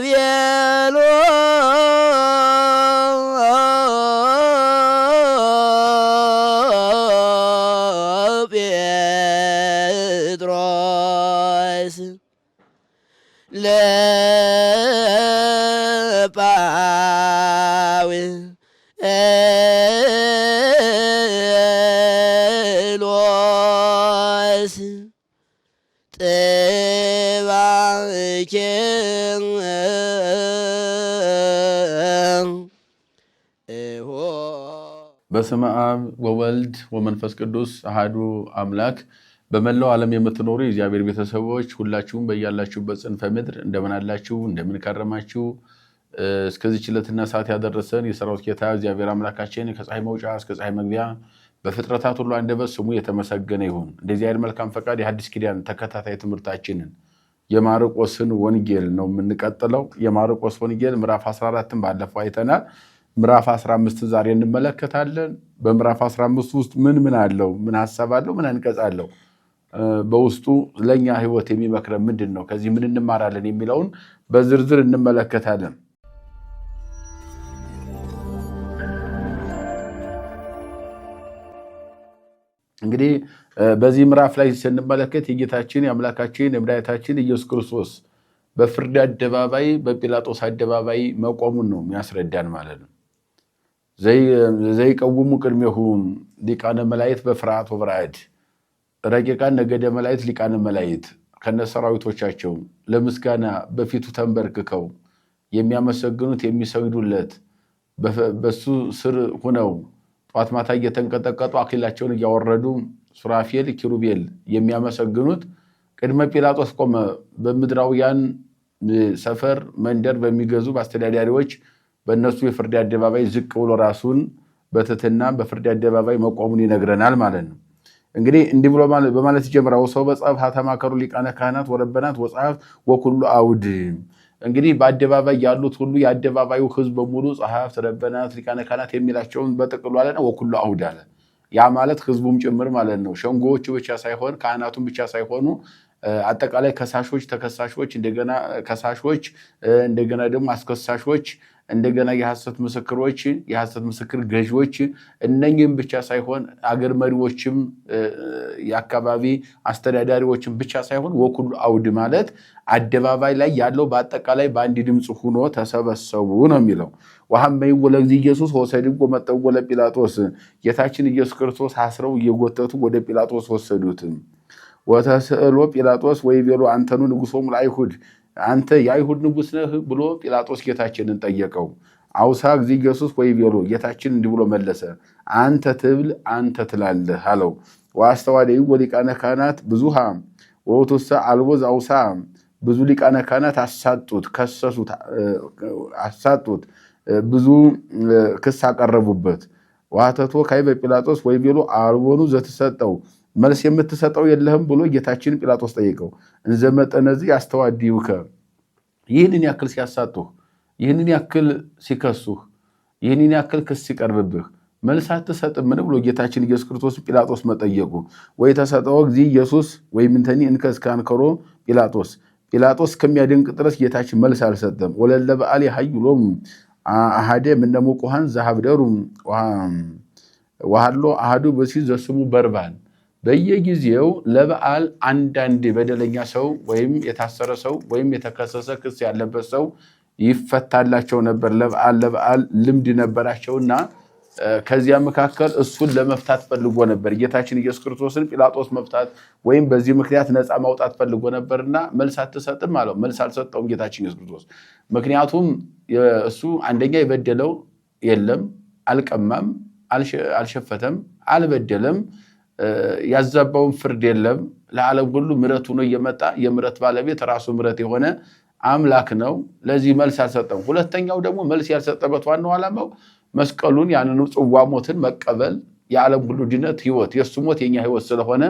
¡Bien! በስመ አብ ወወልድ ወመንፈስ ቅዱስ አሃዱ አምላክ። በመላው ዓለም የምትኖሩ የእግዚአብሔር ቤተሰቦች ሁላችሁም በያላችሁበት ጽንፈ ምድር እንደምን አላችሁ? እንደምን ከረማችሁ? ሰዓት ያደረሰን የሰራዊት ጌታ እግዚአብሔር አምላካችን ከፀሐይ መውጫ እስከ ፀሐይ መግቢያ በፍጥረታት ሁሉ አንደበት ስሙ የተመሰገነ ይሁን። እንደዚህ አይነት መልካም ፈቃድ የሐዲስ ኪዳን ተከታታይ ትምህርታችንን የማርቆስን ወንጌል ነው የምንቀጥለው። የማርቆስ ወንጌል ምዕራፍ 14ን ባለፈው አይተናል። ምዕራፍ 15 ዛሬ እንመለከታለን። በምዕራፍ 15 ውስጥ ምን ምን አለው? ምን ሀሳብ አለው? ምን አንቀጽ አለው? በውስጡ ለእኛ ህይወት የሚመክረን ምንድን ነው? ከዚህ ምን እንማራለን? የሚለውን በዝርዝር እንመለከታለን። እንግዲህ በዚህ ምዕራፍ ላይ ስንመለከት የጌታችን የአምላካችን የመድኃኒታችን ኢየሱስ ክርስቶስ በፍርድ አደባባይ በጲላጦስ አደባባይ መቆሙን ነው የሚያስረዳን ማለት ነው። ዘይቀውሙ ቅድሜሁ ሊቃነ መላእክት በፍርሃት ወበራዕድ ረቂቃን ነገደ መላእክት ሊቃነ መላእክት ከነሰራዊቶቻቸው ለምስጋና በፊቱ ተንበርክከው የሚያመሰግኑት የሚሰግዱለት በሱ ስር ሁነው ጠዋት ማታ እየተንቀጠቀጡ አኪላቸውን እያወረዱ ሱራፌል ኪሩቤል የሚያመሰግኑት ቅድመ ጲላጦስ ቆመ። በምድራውያን ሰፈር መንደር በሚገዙ በአስተዳዳሪዎች በእነሱ የፍርድ አደባባይ ዝቅ ብሎ ራሱን በትትና በፍርድ አደባባይ መቆሙን ይነግረናል ማለት ነው። እንግዲህ እንዲህ ብሎ በማለት ይጀምራል። ሰው በጸብ ሀተማከሩ ሊቃነ ካህናት ወረበናት ወጸሐፍት ወኩሉ አውድ እንግዲህ በአደባባይ ያሉት ሁሉ የአደባባዩ ህዝብ በሙሉ ጸሐፍት፣ ረበናት፣ ሊቃነ ካህናት የሚላቸውን በጥቅሉ አለና ወኩሉ አሁድ አለ። ያ ማለት ህዝቡም ጭምር ማለት ነው። ሸንጎዎቹ ብቻ ሳይሆን ካህናቱም ብቻ ሳይሆኑ አጠቃላይ ከሳሾች፣ ተከሳሾች፣ እንደገና ከሳሾች፣ እንደገና ደግሞ አስከሳሾች እንደገና የሐሰት ምስክሮችን፣ የሐሰት ምስክር ገዢዎችን እነኝም ብቻ ሳይሆን አገር መሪዎችም የአካባቢ አስተዳዳሪዎችን ብቻ ሳይሆን ወኩሉ አውድ ማለት አደባባይ ላይ ያለው በአጠቃላይ በአንድ ድምፅ ሁኖ ተሰበሰቡ ነው የሚለው። ወሐመይዎ ለእግዚ ኢየሱስ ወሰድጎ መጠጎ ለጲላጦስ ጌታችን ኢየሱስ ክርስቶስ አስረው እየጎተቱ ወደ ጲላጦስ ወሰዱትም። ወተስእሎ ጲላጦስ ወይቤሎ አንተኑ ንጉሶም ለአይሁድ አንተ የአይሁድ ንጉሥ ነህ ብሎ ጲላጦስ ጌታችንን ጠየቀው። አውሳ ዚ ኢየሱስ ወይ ቤሎ ጌታችን እንዲህ ብሎ መለሰ፣ አንተ ትብል አንተ ትላለህ አለው። ወአስተዋደዩ ወሊቃነ ካህናት ብዙሃ ወውቱሳ አልቦዝ አውሳ ብዙ ሊቃነ ካህናት አሳጡት፣ ከሰሱት፣ አሳጡት፣ ብዙ ክስ አቀረቡበት። ዋተቶ ካዕበ ጲላጦስ ወይ ቤሎ አልቦኑ ዘተሰጠው መልስ የምትሰጠው የለህም ብሎ ጌታችን ጲላጦስ ጠይቀው እንዘመጠነዚህ አስተዋዲውከ ይህንን ያክል ሲያሳጡህ፣ ይህንን ያክል ሲከሱህ፣ ይህንን ያክል ክስ ሲቀርብብህ መልስ አትሰጥምን ብሎ ጌታችን ኢየሱስ ክርስቶስ ጲላጦስ መጠየቁ ወይ ተሰጠው ጊዜ ኢየሱስ ወይ ምንተኒ እንከስ ካንከሮ ጲላጦስ ጲላጦስ ከሚያደንቅ ድረስ ጌታችን መልስ አልሰጠም። ወለለ በዓል ሀይሎም አሃደ ምነሙቁሃን ዘሀብደሩ ወሃሎ አሃዱ በሲ ዘስሙ በርባን በየጊዜው ለበዓል አንዳንድ በደለኛ ሰው ወይም የታሰረ ሰው ወይም የተከሰሰ ክስ ያለበት ሰው ይፈታላቸው ነበር። ለበዓል ለበዓል ልምድ ነበራቸውና ከዚያ መካከል እሱን ለመፍታት ፈልጎ ነበር። ጌታችን ኢየሱስ ክርስቶስን ጲላጦስ መፍታት ወይም በዚህ ምክንያት ነፃ ማውጣት ፈልጎ ነበርና መልስ አትሰጥም አለው። መልስ አልሰጠውም ጌታችን ኢየሱስ ክርስቶስ። ምክንያቱም እሱ አንደኛ የበደለው የለም፣ አልቀማም፣ አልሸፈተም፣ አልበደለም ያዛባውን ፍርድ የለም። ለዓለም ሁሉ ምሕረት ሆኖ እየመጣ የምረት ባለቤት ራሱ ምረት የሆነ አምላክ ነው። ለዚህ መልስ አልሰጠም። ሁለተኛው ደግሞ መልስ ያልሰጠበት ዋናው ዓላማው መስቀሉን ያንኑ ጽዋ ሞትን መቀበል የዓለም ሁሉ ድነት ህይወት የእሱ ሞት የኛ ህይወት ስለሆነ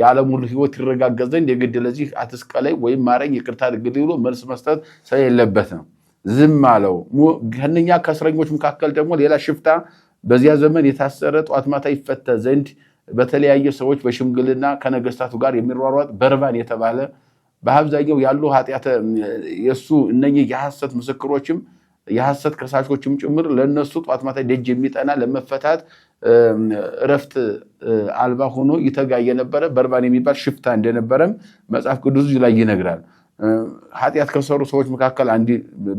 የዓለም ሁሉ ህይወት ይረጋገጥ ዘንድ የግድ ለዚህ አትስቀለኝ ወይም ማረኝ ይቅርታ አድርግልኝ ብሎ መልስ መስጠት ስለሌለበት ነው ዝም አለው። ከነኛ ከእስረኞች መካከል ደግሞ ሌላ ሽፍታ በዚያ ዘመን የታሰረ ጠዋት ማታ ይፈታ ዘንድ በተለያየ ሰዎች በሽምግልና ከነገስታቱ ጋር የሚሯሯጥ በርባን የተባለ በአብዛኛው ያሉ ኃጢአተ የእሱ እነኚህ የሐሰት ምስክሮችም የሐሰት ከሳሾችም ጭምር ለእነሱ ጠዋት ማታ ደጅ የሚጠና ለመፈታት እረፍት አልባ ሆኖ ይተጋ የነበረ በርባን የሚባል ሽፍታ እንደነበረም መጽሐፍ ቅዱስ ላይ ይነግራል። ኃጢአት ከሰሩ ሰዎች መካከል አንዲ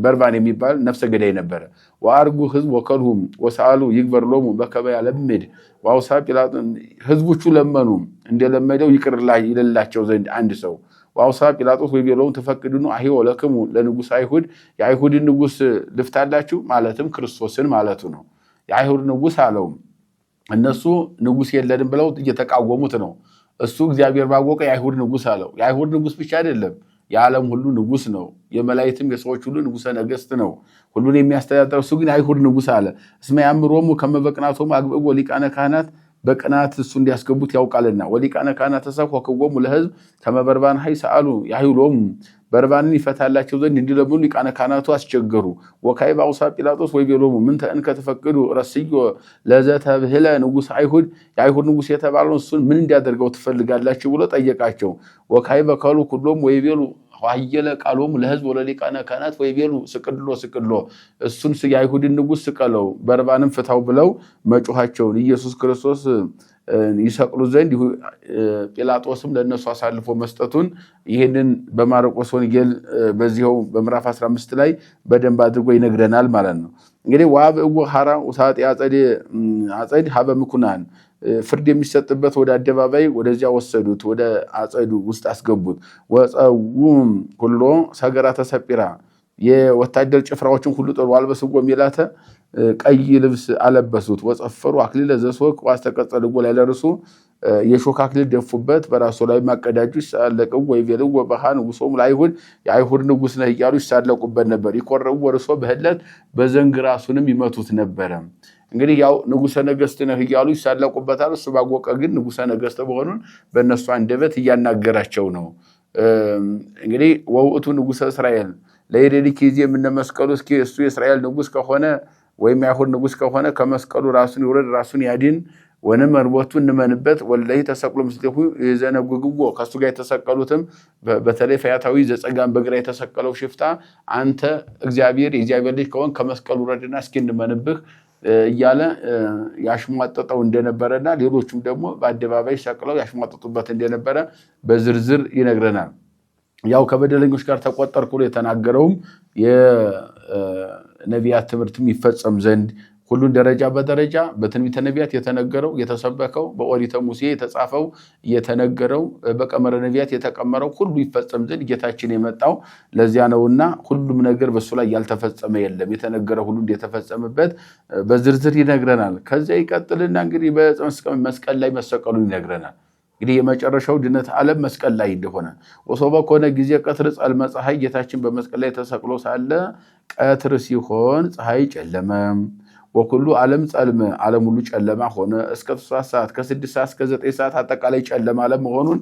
በርባን የሚባል ነፍሰ ገዳይ ነበረ። ወአርጉ ህዝብ ወከልሁም ወሰአሉ ይግበር ሎሙ በከበያ ለምድ ዋውሳ ጲላጦን ህዝቦቹ ለመኑ እንደለመደው ይቅር ይልላቸው ዘንድ አንድ ሰው ዋውሳ ጲላጦስ ወይ ቤሎውን ተፈቅድኑ አሂወ ለክሙ ለንጉስ አይሁድ የአይሁድን ንጉስ ልፍታላችሁ ማለትም ክርስቶስን ማለቱ ነው። የአይሁድ ንጉስ አለው። እነሱ ንጉስ የለንም ብለው እየተቃወሙት ነው። እሱ እግዚአብሔር ባወቀ የአይሁድ ንጉስ አለው። የአይሁድ ንጉስ ብቻ አይደለም የዓለም ሁሉ ንጉስ ነው። የመላእክትም የሰዎች ሁሉ ንጉሰ ነገስት ነው። ሁሉን የሚያስተዳድረው እሱ ግን አይሁድ ንጉስ አለ። እስመ ያአምሮሙ ከመ በቅንዓቶሙ አግብኦ ሊቃነ ካህናት በቅናት እሱ እንዲያስገቡት ያውቃልና ወሊቃነ ካህናት ተሰብ ከክቦሙ ለህዝብ ከመበርባን ሀይ ሰአሉ ያህሎሙ በርባንን ይፈታላቸው ዘንድ እንዲለምኑ ሊቃነ ካህናቱ አስቸገሩ። ወካይ በአውሳ ጲላጦስ ወይቤሎሙ ምንተ እንከ ትፈቅዱ ረስዮ ለዘተብህለ ንጉስ አይሁድ የአይሁድ ንጉስ የተባለውን እሱን ምን እንዲያደርገው ትፈልጋላችሁ ብሎ ጠየቃቸው። ወካይ በከሉ ኩሎም ወይ ቤሉ ሀየለ ቃሎሙ ለህዝብ ወለሊቃነ ካህናት ወይቤሉ ስቅድሎ ስቅድሎ እሱን የአይሁድን ንጉስ ስቀለው በርባንም ፍታው ብለው መጮኋቸውን ኢየሱስ ክርስቶስ ይሰቅሉ ዘንድ ጲላጦስም ለእነሱ አሳልፎ መስጠቱን ይህንን በማርቆስ ወንጌል በዚው በምዕራፍ 15 ላይ በደንብ አድርጎ ይነግረናል ማለት ነው። እንግዲህ ዋብ ዋብእዎ ሀራ ውሳጤ አጸድ ሀበ ምኩናን ፍርድ የሚሰጥበት ወደ አደባባይ ወደዚያ ወሰዱት፣ ወደ አጸዱ ውስጥ አስገቡት። ወፀውም ሁሎ ሰገራ ተሰጲራ የወታደር ጭፍራዎችን ሁሉ ጥሩ አልበስጎ የሚላተ ቀይ ልብስ አለበሱት። ወፀፈሩ አክሊለ ዘሶክ ዋስተቀጸልጎ ላይ ለርሱ የሾህ አክሊል ደፉበት። በራሱ ላይ ማቀዳጁ ወይ ወይቤልው ወበሃ ንጉሶም ለአይሁድ የአይሁድ ንጉስ ነህ እያሉ ይሳለቁበት ነበር። ይቆረቡ ወርሶ በህለት በዘንግ ራሱንም ይመቱት ነበረ። እንግዲህ ያው ንጉሰ ነገስት ነህ እያሉ ይሳለቁበታል። እሱ ባወቀ ግን ንጉሰ ነገስት መሆኑን በእነሱ አንደበት እያናገራቸው ነው። እንግዲህ ወውእቱ ንጉሰ እስራኤል ለየሌሊ ጊዜ የምንመስቀሉ እስኪ እሱ የእስራኤል ንጉስ ከሆነ ወይም የአይሁድ ንጉስ ከሆነ ከመስቀሉ ራሱን ይውረድ ራሱን ያድን ወንመር ወንመርቦቱ እንመንበት ወለይ ተሰቅሎ ምስሌሁ የዘነጉግዎ ከሱ ጋር የተሰቀሉትም በተለይ ፈያታዊ ዘጸጋም በግራ የተሰቀለው ሽፍታ አንተ እግዚአብሔር የእግዚአብሔር ልጅ ከሆን ከመስቀሉ ረድና እስኪ እንመንብህ እያለ ያሽሟጠጠው እንደነበረና ሌሎቹም ደግሞ በአደባባይ ሰቅለው ያሽሟጠጡበት እንደነበረ በዝርዝር ይነግረናል። ያው ከበደለኞች ጋር ተቆጠርኩ ብሎ የተናገረውም የነቢያት ትምህርትም ይፈጸም ዘንድ ሁሉን ደረጃ በደረጃ በትንቢተ ነቢያት የተነገረው የተሰበከው በኦሪተ ሙሴ የተጻፈው የተነገረው በቀመረ ነቢያት የተቀመረው ሁሉ ይፈጸም ዘንድ ጌታችን የመጣው ለዚያ ነውና ሁሉም ነገር በሱ ላይ ያልተፈጸመ የለም። የተነገረ ሁሉ እንደተፈጸመበት በዝርዝር ይነግረናል። ከዚያ ይቀጥልና እንግዲህ በመስቀል ላይ መሰቀሉን ይነግረናል። እንግዲህ የመጨረሻው ድነት ዓለም መስቀል ላይ እንደሆነ ወሶበ ከሆነ ጊዜ ቀትር ጸልመ ፀሐይ ጌታችን በመስቀል ላይ ተሰቅሎ ሳለ ቀትር ሲሆን ፀሐይ ጨለመም ወኩሉ ዓለም ጸልመ ዓለም ሁሉ ጨለማ ሆነ። እስከ ሶስት ሰዓት ከስድስት ሰዓት እስከ ዘጠኝ ሰዓት አጠቃላይ ጨለማ ለመሆኑን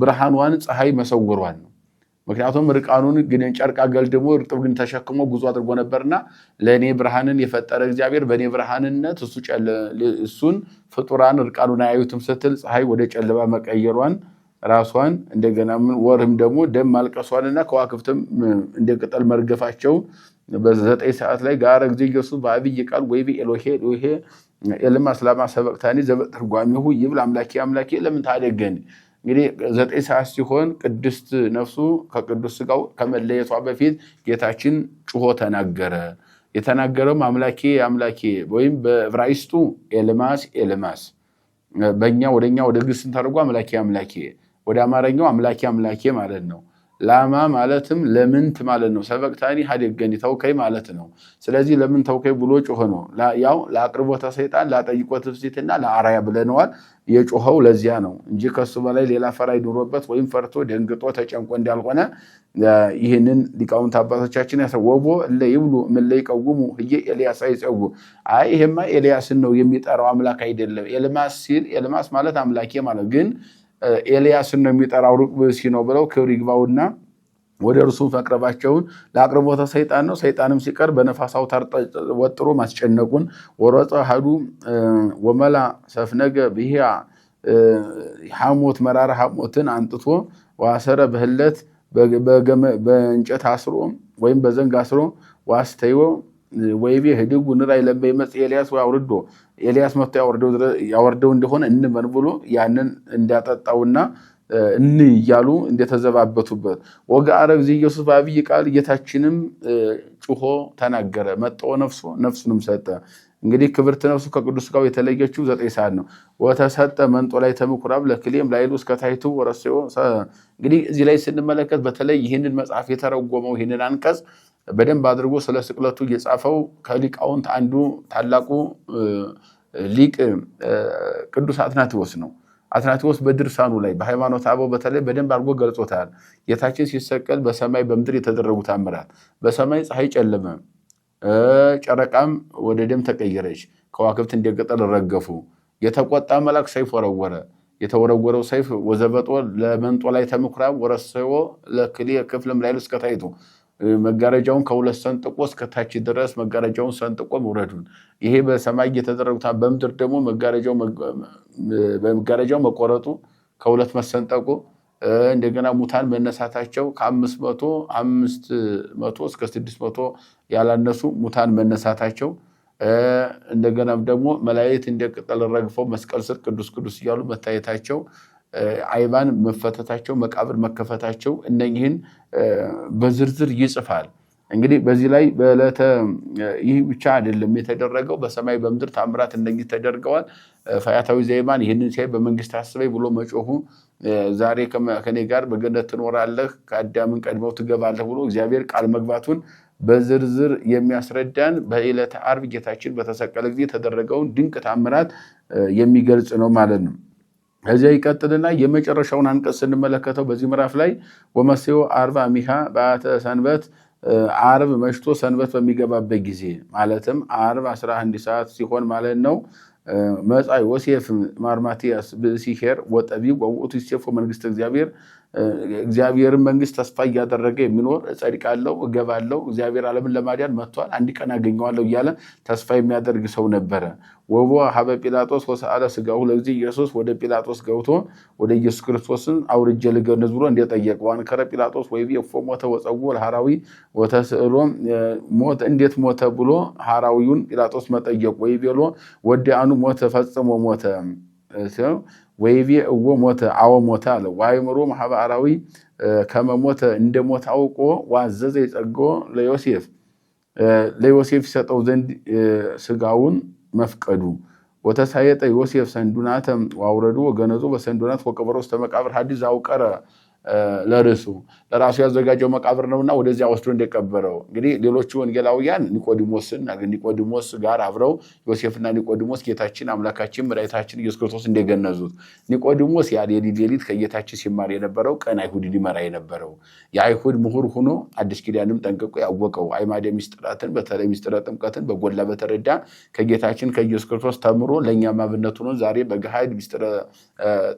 ብርሃኗን ፀሐይ መሰውሯን ነው። ምክንያቱም ርቃኑን ግን ጨርቅ አገልድሞ እርጥብ ግን ተሸክሞ ጉዞ አድርጎ ነበርና ለእኔ ብርሃንን የፈጠረ እግዚአብሔር በእኔ ብርሃንነት እሱን ፍጡራን ርቃኑን አያዩትም ስትል ፀሐይ ወደ ጨለማ መቀየሯን ራሷን እንደገና ወርህም ደግሞ ደም ማልቀሷንና ከዋክብትም እንደ ቅጠል መርገፋቸው በዘጠኝ ሰዓት ላይ ጋር ጊዜ ገሱ በአብይ ቃል ወይ ኤሎሄ ሄ ኤልማ ስላማ ሰበቅታኒ ዘበቅ ትርጓሜሁ ይብል አምላኬ አምላኬ ለምን ታደገን? እንግዲህ ዘጠኝ ሰዓት ሲሆን ቅድስት ነፍሱ ከቅዱስ ስጋው ከመለየቷ በፊት ጌታችን ጩሆ ተናገረ። የተናገረውም አምላኬ አምላኬ ወይም በዕብራይስጡ ኤልማስ ኤልማስ በእኛ ወደኛ ወደ ግስን ተደርጎ አምላኬ አምላኬ ወደ አማርኛው አምላኬ አምላኬ ማለት ነው። ላማ ማለትም ለምንት ማለት ነው። ሰበቅታኒ ሀደገኒ ተውከይ ማለት ነው። ስለዚህ ለምን ተውከይ ብሎ ጮኸ ነው። ያው ለአቅርቦተ ሰይጣን ላጠይቆት ትፍሲትና ለአራያ ብለነዋል። የጮኸው ለዚያ ነው እንጂ ከሱ በላይ ሌላ ፈራ ይኑሮበት ወይም ፈርቶ ደንግጦ ተጨንቆ እንዳልሆነ ይህንን ሊቃውንት አባቶቻችን ያሰወቦ እለ ይብሉ ምን ላይ ቀውሙ ህየ ኤልያስ አይጸው አይ ይሄማ ኤልያስን ነው የሚጠራው አምላክ አይደለም። ኤልማስ ሲል ኤልማስ ማለት አምላኬ ማለት ግን ኤልያስን ነው የሚጠራው ሩቅ ብእሲ ነው ብለው ክብር ይግባውና ወደ እርሱ መቅረባቸውን ለአቅርቦተ ሰይጣን ነው። ሰይጣንም ሲቀር በነፋስ አውታር ወጥሮ ማስጨነቁን ወሮፀ ሀዱ ወመላ ሰፍነገ ብሄያ ሐሞት መራራ ሐሞትን አንጥቶ ዋሰረ በህለት በእንጨት አስሮ ወይም በዘንግ አስሮ ዋስተይወ ወይቢ ህድጉ ንራ ለበይ መጽእ ኤልያስ አውርዶ ኤልያስ መጥቶ ያወርደው እንደሆነ እንመን ብሎ ያንን እንዳጠጣውና እን እያሉ እንደተዘባበቱበት ወገ አረብ ወገአረግ ኢየሱስ በአብይ ቃል ጌታችንም ጩሆ ተናገረ። መጥኦ ነፍሶ ነፍሱንም ሰጠ። እንግዲህ ክብርት ነፍሱ ከቅዱስ ሥጋው የተለየችው ዘጠኝ ሰዓት ነው። ወተሰጠ መንጦ ላይ ተምኩራብ ለክሌም ላይሉ እስከ ታሕቱ ወረስዮ። እንግዲህ እዚህ ላይ ስንመለከት በተለይ ይህንን መጽሐፍ የተረጎመው ይህንን አንቀጽ በደንብ አድርጎ ስለ ስቅለቱ የጻፈው ከሊቃውንት አንዱ ታላቁ ሊቅ ቅዱስ አትናቴዎስ ነው። አትናቴዎስ በድርሳኑ ላይ በሃይማኖት አበው በተለይ በደንብ አድርጎ ገልጾታል። ጌታችን ሲሰቀል በሰማይ በምድር የተደረጉ ታምራት፣ በሰማይ ፀሐይ ጨለመ፣ ጨረቃም ወደ ደም ተቀየረች፣ ከዋክብት እንደ ቅጠል ረገፉ፣ የተቆጣ መልአክ ሰይፍ ወረወረ የተወረወረው ሰይፍ ወዘበጦ ለመንጦ ላይ ተምኩራብ ወረሰዎ ለክልኤ ክፍልም ላይ እስከታይቱ መጋረጃውን ከሁለት ሰንጥቆ እስከታች ድረስ መጋረጃውን ሰንጥቆ መውረዱን ይሄ በሰማይ እየተደረጉታ በምድር ደግሞ በመጋረጃው መቆረጡ ከሁለት መሰንጠቁ እንደገና ሙታን መነሳታቸው ከአምስት መቶ አምስት መቶ እስከ ስድስት መቶ ያላነሱ ሙታን መነሳታቸው እንደገናም ደግሞ መላእክት እንደ ቅጠል ረግፈው መስቀል ስር ቅዱስ ቅዱስ እያሉ መታየታቸው አይባን መፈተታቸው፣ መቃብር መከፈታቸው እነኚህን በዝርዝር ይጽፋል። እንግዲህ በዚህ ላይ በዕለተ ይህ ብቻ አይደለም የተደረገው፣ በሰማይ በምድር ታምራት እነኚህ ተደርገዋል። ፈያታዊ ዘይማን ይህንን ሲያይ በመንግስት አስበኝ ብሎ መጮሁ ዛሬ ከኔ ጋር በገነት ትኖራለህ ከአዳምን ቀድመው ትገባለህ ብሎ እግዚአብሔር ቃል መግባቱን በዝርዝር የሚያስረዳን በዕለተ ዓርብ ጌታችን በተሰቀለ ጊዜ የተደረገውን ድንቅ ታምራት የሚገልጽ ነው ማለት ነው። ከዚያ ይቀጥልና የመጨረሻውን አንቀጽ ስንመለከተው በዚህ ምዕራፍ ላይ ወመሴዎ አርባ ሚሃ በአተ ሰንበት አርብ መሽቶ ሰንበት በሚገባበት ጊዜ ማለትም አርብ 11 ሰዓት ሲሆን ማለት ነው። መጻኢ ወሴፍ ማርማቲያስ ብእሲሄር ወጠቢብ ወውእቱ ዮሴፍ መንግስት እግዚአብሔር እግዚአብሔርን መንግስት ተስፋ እያደረገ የሚኖር እጸድቃለሁ፣ እገባለሁ፣ እግዚአብሔር ዓለምን ለማዳን መጥቷል፣ አንድ ቀን አገኘዋለሁ እያለ ተስፋ የሚያደርግ ሰው ነበረ። ወቦ ሀበ ጲላጦስ ወሰአለ ስጋሁ። ለዚህ ኢየሱስ ወደ ጲላጦስ ገብቶ ወደ ኢየሱስ ክርስቶስን አውርጀ ልገነዝ ብሎ እንደጠየቀው አንከረ ጲላጦስ ወይ እፎ ሞተ ወፀው ለሐራዊ ወተስእሎ ሞት እንዴት ሞተ ብሎ ሐራዊውን ጲላጦስ መጠየቁ ወይ ቤሎ ወዲያኑ ሞተ ፈጽሞ ሞተ ወይቪ እዎ ሞተ አወ ሞተ አለ ዋይምሮ ማህበራዊ ከመሞተ እንደ ሞተ አውቆ ዋዘዘ የጸጎ ለዮሴፍ ለዮሴፍ ይሰጠው ዘንድ ስጋውን መፍቀዱ ወተሳየጠ ዮሴፍ ሰንዱናተም ዋውረዱ ወገነዞ በሰንዱናት ወቀበሮ ውስተ መቃብር ሐዲስ አውቀረ ለርሱ ለራሱ ያዘጋጀው መቃብር ነውና ወደዚያ ወስዶ እንደቀበረው። እንግዲህ ሌሎቹ ወንጌላውያን ኒቆዲሞስን ኒቆዲሞስ ጋር አብረው ዮሴፍና ኒቆዲሞስ ጌታችን አምላካችን መድኃኒታችን ኢየሱስ ክርስቶስ እንደገነዙት ኒቆዲሞስ ያ ሌሊት ሌሊት ከጌታችን ሲማር የነበረው ቀን አይሁድ ሊመራ የነበረው የአይሁድ ምሁር ሆኖ አዲስ ኪዳንም ጠንቅቆ ያወቀው አይማደ ሚስጥራትን በተለይ ሚስጥረ ጥምቀትን በጎላ በተረዳ ከጌታችን ከኢየሱስ ክርስቶስ ተምሮ ለእኛም አብነት ሆኖ ዛሬ በገሃድ ሚስጥረ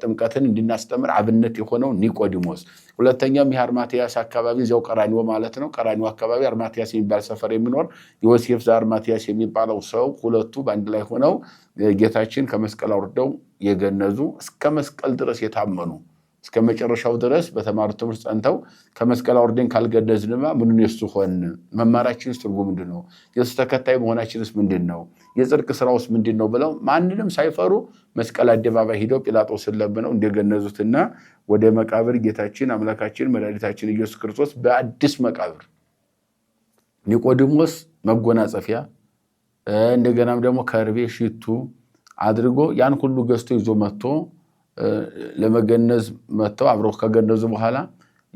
ጥምቀትን እንድናስተምር አብነት የሆነው ኒቆዲሞስ ጳውሎስ። ሁለተኛም ይህ አርማትያስ አካባቢ እዚያው ቀራኒዎ ማለት ነው። ቀራኒዎ አካባቢ አርማትያስ የሚባል ሰፈር የሚኖር ዮሴፍ ዘአርማትያስ የሚባለው ሰው ሁለቱ በአንድ ላይ ሆነው ጌታችን ከመስቀል አውርደው የገነዙ እስከ መስቀል ድረስ የታመኑ እስከ መጨረሻው ድረስ በተማሩ ትምህርት ጸንተው ከመስቀል አውርደን ካልገደዝንማ ምኑን የሱ ሆን? መማራችንስ ትርጉም ምንድን ነው? የሱ ተከታይ መሆናችንስ ምንድን ነው? የጽድቅ ስራውስ ምንድን ነው? ብለው ማንንም ሳይፈሩ መስቀል አደባባይ ሂደው ጲላጦስን ለምነው እንደገነዙትና ወደ መቃብር ጌታችን አምላካችን መድኃኒታችን ኢየሱስ ክርስቶስ በአዲስ መቃብር ኒቆዲሞስ መጎናጸፊያ እንደገናም ደግሞ ከርቤ ሽቱ አድርጎ ያን ሁሉ ገዝቶ ይዞ መጥቶ ለመገነዝ መጥተው አብረው ከገነዙ በኋላ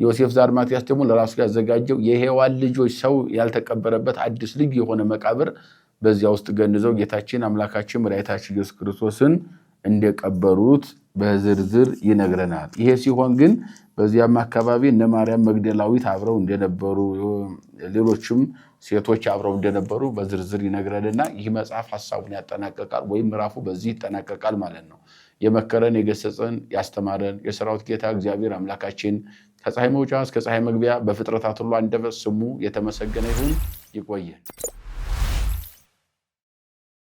ዮሴፍ ዛርማቲያስ ደግሞ ለራሱ ያዘጋጀው የሔዋን ልጆች ሰው ያልተቀበረበት አዲስ ልዩ የሆነ መቃብር በዚያ ውስጥ ገንዘው ጌታችን አምላካችን መድኃኒታችን ኢየሱስ ክርስቶስን እንደቀበሩት በዝርዝር ይነግረናል። ይሄ ሲሆን ግን በዚያም አካባቢ እነ ማርያም መግደላዊት አብረው እንደነበሩ፣ ሌሎችም ሴቶች አብረው እንደነበሩ በዝርዝር ይነግረንና ይህ መጽሐፍ ሀሳቡን ያጠናቀቃል ወይም ምዕራፉ በዚህ ይጠናቀቃል ማለት ነው። የመከረን የገሰጸን ያስተማረን የሰራዊት ጌታ እግዚአብሔር አምላካችን ከፀሐይ መውጫ እስከ ፀሐይ መግቢያ በፍጥረታት ሁሉ አንደበት ስሙ የተመሰገነ ይሁን። ይቆየን።